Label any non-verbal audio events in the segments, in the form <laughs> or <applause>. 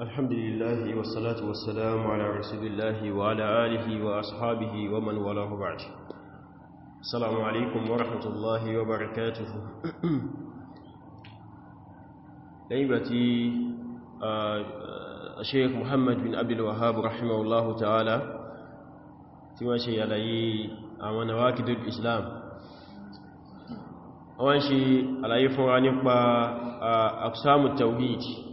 الحمد لله والصلاة والسلام على رسول الله وعلى آله وأصحابه ومن والاه بعد السلام عليكم ورحمة الله وبركاته ليبتي آه، الشيخ محمد بن أبي الوهاب رحمه الله تعالى تما آه، شيء علي أمان واكد الإسلام أمان شيء علي فراني أقسام التوهيد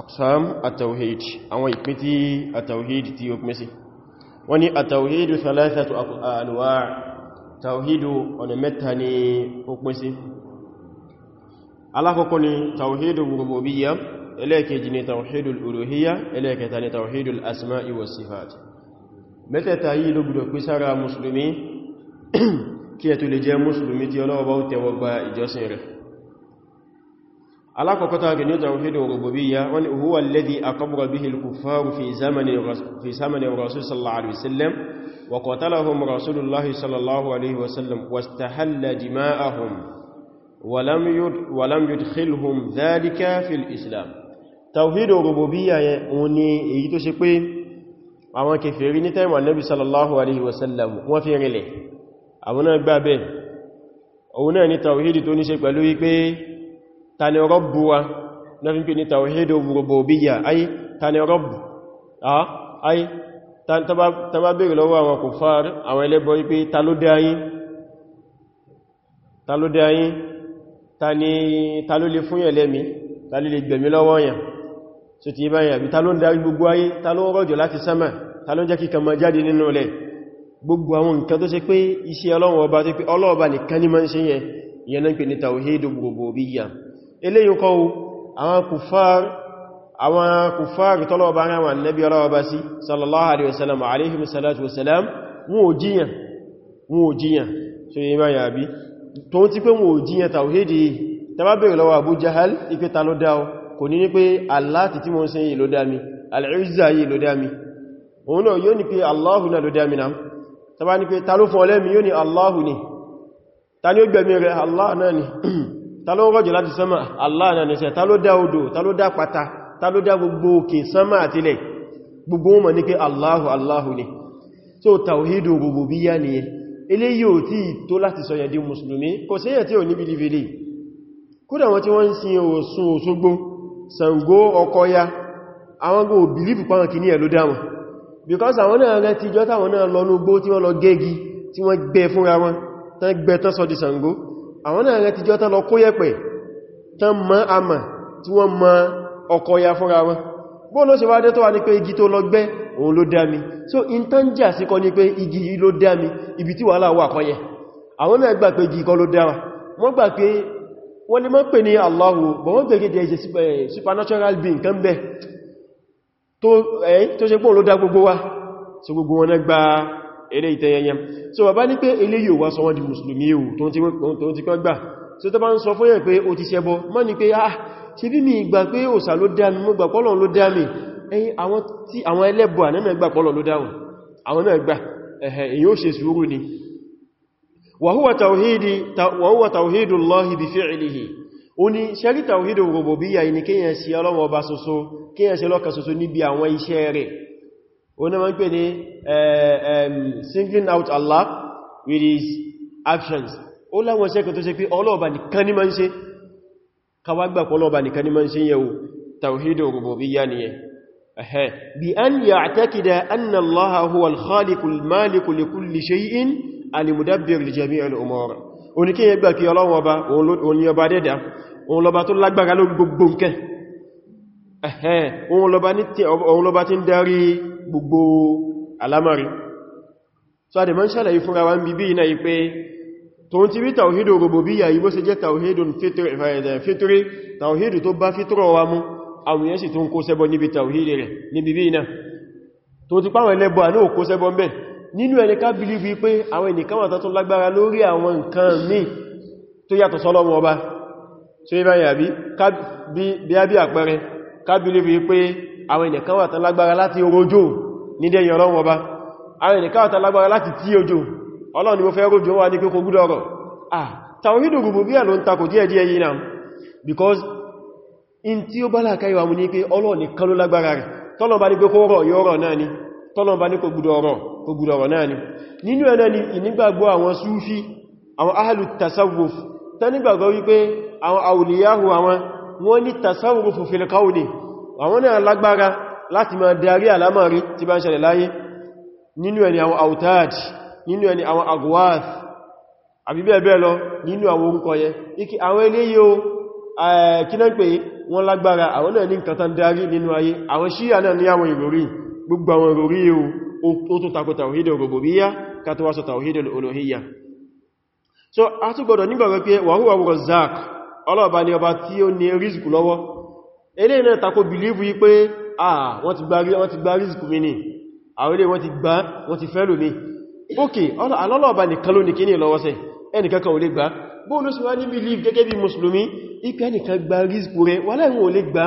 aqsam at-tawhid àwọn ìpín tí at-tawhid tí ó pín sí wọ́n ní at-tawhid thalathatu anwa' tawhid ọ̀nà mẹ́ta ni ó pín sí alákọ̀ọ́kọ́ ni tawhid rububiyya ẹlẹ́ẹ̀kejì ni tawhid uluhiyya ẹlẹ́ẹ̀kẹta ni tawhid al-asma'i was-sifat mẹ́tẹ̀ẹ̀ta yìí ló gbọdọ̀ pín sára mùsùlùmí kí ẹ tó lè jẹ́ mùsùlùmí tí Ọlọ́run bá gba ìjọsìn rẹ̀ alákọ̀ọ́kọ́ta gẹ̀ ní tàwíhìdì rububiyya wani huwa alladhi aqbara bihi al-kuffaru fi zamani fi zamani rasul sallallahu alaihi wasallam wa qatalahum rasulullah sallallahu alaihi wasallam wastahalla dima'ahum wa lam yud wa lam yudkhilhum dhalika fi al-islam tàwíhìdì rububiyya yẹ oni èyí tó ṣe pé àwọn kèfèrí ní tàìmà nabi sallallahu alaihi wasallam wọ́n fi rinlẹ̀ àwọn náà tani rọ́bù wa na fi pè ní tàwàhídò rububiyya ai tani rọ́bù ai ta bá bèèrè lọ́wọ́ àwọn kùfàr àwọn ẹlẹ́bọ̀ wípé ta ló dá yín ta ló dá yín ta ló lè fún yẹn lẹ́mí ta ló lè gbẹ̀mí lọ́wọ́ yẹn so ti bá yẹn àbí ta ló ń darí gbogbo ayé àwọn nǹkan tó ṣe pé iṣẹ́ Ọlọ́run ọba tó pé Ọlọ́run nìkan ní ma ń ṣe yẹn ìyẹn náà pè ní tàwàhídò rububiyya eléyìn kọ́ àwọn kùfàr àwọn kùfàr tọ́lọ̀ọba rán wọn nẹ́bí ọlọ́ọba sí sallallahu alaihi wasallam alaihi wasallam wọn ò jíyàn wọn ò jíyàn so yí máa yàbí tó ń ti pé wọn ò jíyàn tàwídì tàbá bèèrè lọ́wọ́ Abu Jahal ipé ta ló dáa kò ní ní pé Allah ti tí mo ń sin yìí ló dá mi al-Izza yìí ló ni ó gbẹ̀mí rẹ̀ Allah náà ni <clears throat> ta ló rọ̀jò láti sánmà Allah náà nìṣẹ́ ta ló dá odò ta dá pata ta ló dá gbogbo òkè sánmà àtilẹ̀ gbogbo wọn ní pé Allahu Allahu ni so tawhidu rububiyya ni eléyìí ò tí tó láti sọ yẹn di mùsùlùmí kò séyàn tí ò níbi lìfèlè kódà wọn tí wọ́n ń sin Ọ̀ṣun Òṣogbo Ṣàngó Ọ̀kọ̀yà àwọn gbò bìlífù pàwọn kì ní ẹ̀ ló dáwọn because àwọn náà rẹ̀ ti jọ táwọn náà lọ ní ogbó tí wọ́n lọ gẹ́gi tí wọ́n gbẹ́ fúnra wọn tán gbẹ́ tán sọ di Ṣàngó àwọn náà rẹ̀ ti jọ tán lọ kó yẹ̀pẹ̀ tán mọ́ àmà tí wọ́n mọ́ ọkọ̀ ya fúnra wọn bóò ló ṣe wá dé tó wà ní pé igi tó lọ gbẹ́ òun ló dámi so in tán jà sí kọ́ ní pé igi yìí ló dámi ibi tí wàhálà wà kọ́ yẹ àwọn náà gbà pé Allahu bọ̀ wọ́n pè kéde eh, supernatural being kan bẹ́ eh, tó ṣe pọ́ ló dá gbogbo wa ilé ìtẹyẹyẹm so bàbá ní pé ilé yóò wá sọ wọ́n di mùsùlùmí yóò tó ti kọ́ gbà so tó bá ń sọ fún yẹ̀ pé ó ti ṣẹbọ mọ́ ni pé ah ṣe bí mi ìgbà pé òsà ló dá mi mọ́ gbà pọ́lọ̀ ló dá mi ẹ̀yìn àwọn ẹlẹ́bọ ànẹ́mẹ́ gbà pọ́lọ̀ ló dáhùn àwọn náà gbà ẹ̀hẹ̀ èyí ó ṣe sùúrù ni wàhúwà tàwíhìdù oní ma ń pè ní eh, singling out Allah with his actions ó láwọn ṣe kò tó ṣe pé ọlọ́ọ̀bà nìkan ní ma ń ṣe kawàgbà pọ̀lọ́ọ̀bà nìkan ní ma ń ṣe yẹ̀wò tawhidu rububiyya ni ẹ̀hẹ́ bí an ya'takida anna Allah huwa al-khaliqul maliku li kulli shay'in al-mudabbir li jami'il umur oníkíyẹ gbà kí ọlọ́wọ́ ọba òun lọ́ba dẹ́dà òun lọ́ba tó lágbára ló gbogbo nǹkan òun lọba tí ń darí gbogbo alamari so a dẹ̀ mọ́ ń ṣàlàyé fúnra wa ń bíbí iná yí pé tó ń ti rí tàwíhìdò rububiyya yí bó ṣe jẹ́ tàwíhìdò fitri eh, tàwíhìdò tó bá fitrọ wa mú àwọn yẹ́sì tó ń kó sẹ́bọ níbi tàwíhìdì rẹ̀ níbi bí iná tó ti pàwọn ẹlẹ́bọ àní bí àpẹẹrẹ kábílé fi pé àwọn ènìyàn wà tán lágbára láti rojò ní dẹ̀yìn ọlọ́run ọba àwọn ènìyàn wà tán lágbára láti tí ojò ọlọ́run ni mo fẹ́ rojò wà ní kókò gúdọ̀ ọ̀rọ̀ ah tàwídò rububiyya ló ń takò díẹ̀ because in tí ó bá láàkáyì ni tọ́lọ̀ bá ní kó gúdọ̀ ọ̀rọ̀ kó gúdọ̀ ọ̀rọ̀ náà ni nínú ẹ̀nà ni ìnígbàgbọ́ àwọn súfí àwọn ahlu tasawuf tán nígbàgbọ́ wípé àwọn awliyahu àwọn wọ́n ní tasarrufu fil qawli àwọn náà lágbára láti máa darí àlámọ̀rí tí bá ń ṣẹlẹ̀ láyé nínú ẹni àwọn autad nínú ẹni àwọn agwath àbí bẹ́ẹ̀ bẹ́ẹ̀ lọ nínú àwọn orúkọ yẹ ikí àwọn eléyìí o eh, kí náà pé wọ́n lágbára àwọn náà ní nǹkan tán darí nínú ayé àwọn ṣíyà náà ní àwọn ìròrí gbogbo àwọn ìròrí so a tún gbọdọ̀ nígbàgbọ́ pé wa huwa ọlọ́ọ̀bá ni ọba tí ó ní rízìkù lọ́wọ́ ilé náà takò bìlífù yí pé àà wọ́n ti gba rízìkù mi ní àwọn ilé wọ́n ti gbá wọ́n ti fẹ́lò mi ókè alọ́lọ́ọ̀bá nìkan ló ní kíní lọ́wọ́sẹ̀ ẹnìkankan ò lè gbá bóòlù sí wá ní bìlíf gẹ́gẹ́ bí mùsùlùmí ipẹ́ nìkan gba rízìkù rẹ wálẹ̀ wọn ò lè gbá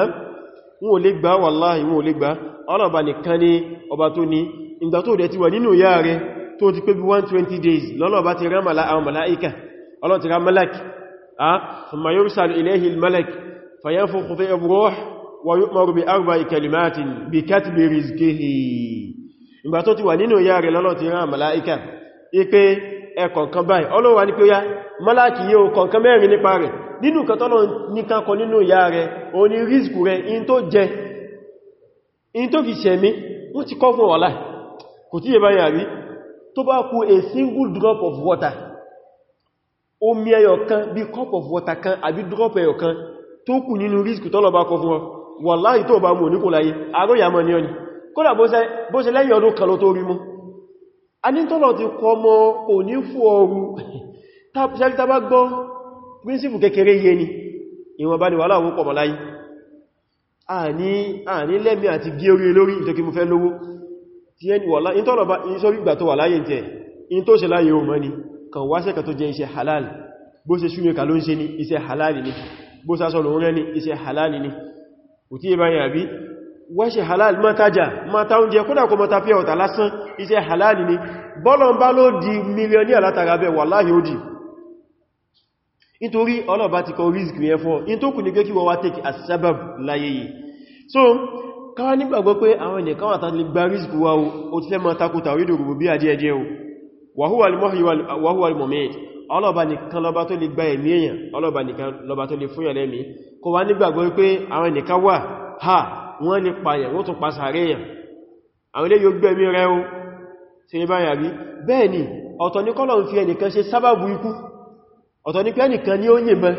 wọn ò lè gbá wàláhì wọn ò lè gbá ọlọ́ọ̀bá nìkan ni ọba tó ní ìgbà tó dẹ̀ ti wà nínú ìyá rẹ tó ti pé bí 120 ti rán màláìkà ثم يرسل إليه الملك فينفخ فيه الروح ويؤمر بأربع كلمات بكتب رزقه ìgbà tó ti wà nínú ìyá rẹ̀ lọ́lọ́ ti rán màláíkà ipé ẹkọ̀ǹkan báyìí ọlọ́wà ní pé ó yá màláíkì yíò kọ̀ǹkan mẹ́rin nípa rẹ̀ nínú kẹtọ́lọ nìkan kọ nínú ìyá rẹ̀ o ní rízkù rẹ̀ in tó jẹ in tó fi ṣẹ̀mí wọ́n ti kọ́ fún ọ̀lá kò tí yẹ báyìí àrí tó bá kú a single drop of water omi ẹyọ kan bí cup of water kan àbí drop ẹyọ kan tó kù nínú risk tọ́lọ bá kọ fún ọ wàláhì tó bá mú oníkò láyé aróyàmọ́ ní ọni kódà bó ṣe lẹ́yìn ọdún kan ló tó rí mú a ní tọ́lọ ti kọ mọ́ òní fún ọrù <laughs> tàbí bá gbọ́ príncipù kékeré yé ni ìwọ̀n bá ni wà láwọn láyé àní ìṣọ́rí ìgbà tó wà láyé tẹ̀ in tó ṣe láyé ohun ni kan wáṣẹ́ kan tó jẹ iṣẹ́ halal bó ṣe ṣúmẹ́ka ló ń ṣe ní iṣẹ́ halal ni bó sásọ ló rẹ́ ní iṣẹ́ halal ni kò tí ìbáyìn àbí wáṣẹ́ halal mọ́tajà mọ́ta oúnjẹ kódà kó mọ́ta ọ̀tà lásán iṣẹ́ halal ni bọ́lọ̀ bá di mílíọ̀ní alátàràbẹ̀ wàláhì ó di nítorí ọlọ́ọ̀bá ti kọ rízìkì yẹn fún in tó so káwà nígbàgbọ́ pé àwọn ènìyàn káwà tàbí gba rízìkì wá o ti fẹ́ mọ́ takò wa huwa al-muhyi wa huwa al-mumit ọlọ́ba nìkan lọba tó lè gba ẹ̀mí èyàn ọlọ́ba nìkan lọba tó ha wọ́n lè pààyàn wọ́n tún pàṣàrí èyàn àwọn ilé yóò gbẹ̀mí rẹ o ṣe ní ni ọ̀tọ̀ ní kọ́lọ̀ ń fi ẹnìkan ṣe sábàbù ikú ọ̀tọ̀ ní pé ni ó yìnbọn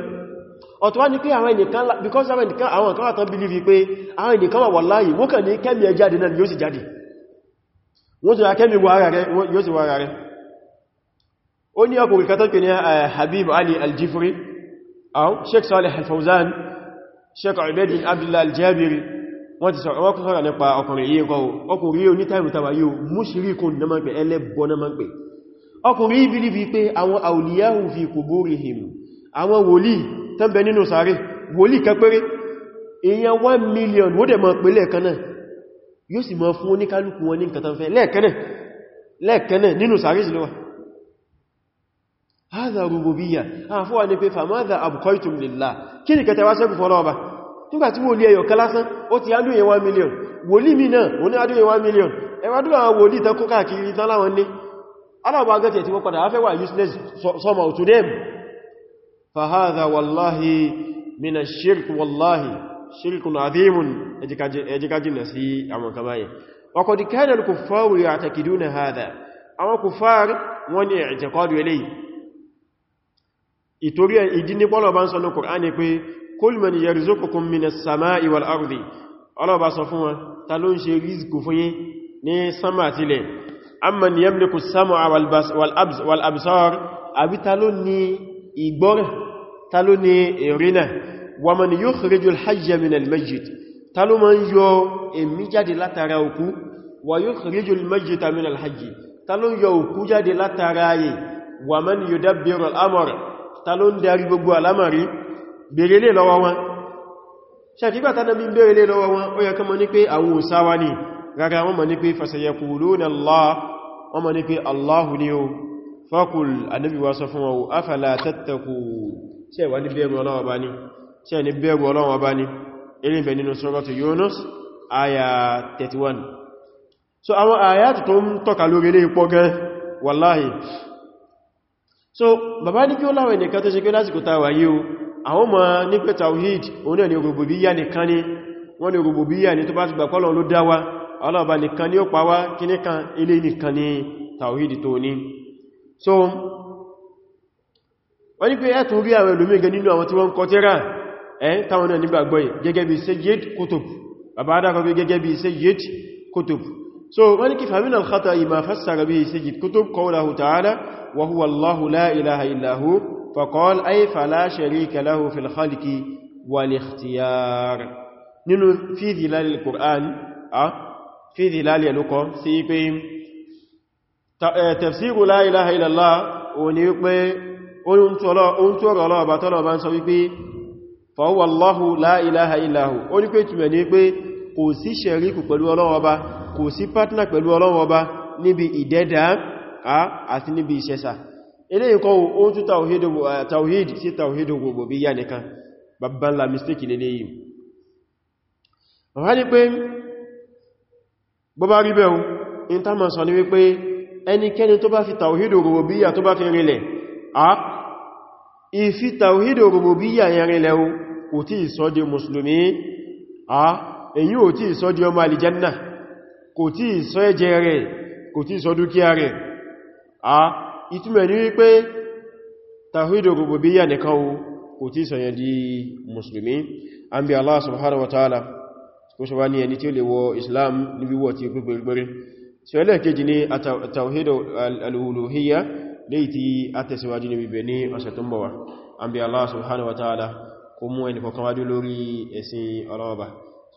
ọ̀tọ̀ àwọn ẹnìkan because àwọn ẹnìkan àwọn kan àtàn believe pé àwọn ẹnìkan wà wallahi wọ́n kàn ní kẹ́mì ẹ jáde náà yóò sì jáde wọ́n tó ra kẹ́mì wọ ara rẹ̀ yóò sì wọ ara rẹ̀ ó ní ọkùnrin kan tó pè ní eh, Habib Ali Al-Jifri àwọn Sheikh Salih Al-Fawzan Sheikh Ubayd bin Abdullah Al-Jabiri wọ́n ti sọ̀rọ̀ wọ́n sọ̀rọ̀ nípa ọkùnrin yìí kọ́ ọkùnrin yìí ní táìmù tàbà yìí mushrikun náà máa pẹ̀ ẹlẹ́bọ náà máa pẹ̀ ọkùnrin yìí bílí fi pé àwọn awliyahu fi quburihim àwọn wòlí tán nínú sàárè wòlí kẹpẹrẹ èèyàn 1 million wó dẹ̀ máa pè lẹ́ẹ̀kan náà yóò sì máa fún oníkálukú wọn ní nǹkan tán fẹ́ nínú sàárè sí هذا ربوبية عفوا ni pé فماذا أبقيتم لله kíni kete wa ṣẹ́kù fọ́lọ́wọ́ ba nígbà tí wòlí ẹyọ kẹlásán ó ti adúyẹ 1 million wòlí mi náà ó ní adúyẹ 1 million ẹwà dúrà àwọn wòlí tán kó káàkiri tán láwọn ní aláwọ̀ agẹ́tẹ̀ tí wọ́n padà afẹ́ wà useless somehow to them فهذا والله من الشرك والله شرك عظيم ẹjíkájí nà sí àwọn kamaye وقد كان الكفار يعتقدون هذا àwọn kùfàr wọ́n ni ẹ̀jẹ̀kọ́dù eléyìí ìtorí ìdí ní pọ́lọ̀ bá ń sọ ní Kùránì pé kulman yarzuqukum minas sama'i wal ardi ọlọ́bá sọ fún wọn ta ló ń ṣe rízikù fún yín ní sánmà àtílẹ̀ amman yamliku sam'a wal absar àbí ta ló ní wa man yudabbiru al-amr ta ló ń darí gbogbo alámàrí bèèrè lè lọ́wọ́ wọn ṣàkígbà tánà bí bèèrè lè lọ́wọ́ wọn ó yẹ kán mọ̀ ní pé àwọn òsáwá ní rárá wọn mọ̀ ní pé fasayakuluna Allah wọn mọ̀ ní pé Allahu ni ó fakul Ànábì wa sọ fún wọn 31 so àwọn àyà tó ń tọ́ka lórí so bàbá ní kí ó láwọn ẹnìkan tó ṣe kí ó lásìkò ta wà yíò àwọn ọmọ ní pé tawhid òun náà ni rububiyya nìkan ni wọ́n ni rububiyya ni tó bá ti gbà pé Ọlọ́run ló dá wa Ọlọ́run nìkan ni ó pa wá kíní kan ilé nìkan ni tawhid tó ní so so wọ́n ní kí fàmílà alkhata ìmá fassara bí sejid kutub qawlahu ta'ala wa huwa allahu la ilaha illa hu faqala ay fala sharika lahu fil khalqi wal ikhtiyar nínú fi dhilal al-qur'an a fi dhilal yaluko sí pé eh, tafsiru la ilaha illa allah ó ní pé ohun tolo ohun ba tolo ba sọ wí fa huwa allahu la ilaha illa hu ó ní pé tume ní pé kò sí sheriku pẹ̀lú kò sí pàtínà pẹ̀lú ọlọ́run ọba níbi ìdẹ́dà àti níbi ìṣẹ́sà eléyìí kọ́ ohun tú eh, tawhid sí tawhid gbogbo bí yà nìkan babban la mistake lélé yìí wọ́n ní pé ní wípé ẹnikẹ́ni tó bá fi tawhid gbogbo bí yà tó kò tí sọ ẹ̀jẹ̀ rẹ̀ kò tí sọ dúkìá rẹ̀ a ìtumọ̀ ní wípé tawhidu rububiyya nìkan o kò tí sọ yẹn di musulmi an bí Allah subhanahu wa ta'ala kó Islam ní wíwọ́ tí ó pẹ́ gbẹ̀rẹ̀ so ẹlẹ́ẹ̀kejì ní tawhidu al-uluhiyya léyìí tí a Allah subhanahu wa ta'ala kó mú ẹni kọ̀kan wájú lórí ẹ̀sìn ọlọ́ọ̀bá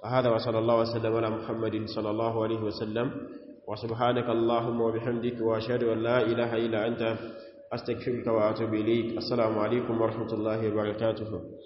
هذا وصلى الله وسلم على محمد صلى الله عليه وسلم وسبحانك اللهم وبحمدك وأشهد أن لا إله إلا أنت أستغفرك وأتوب إليك السلام عليكم ورحمة الله وبركاته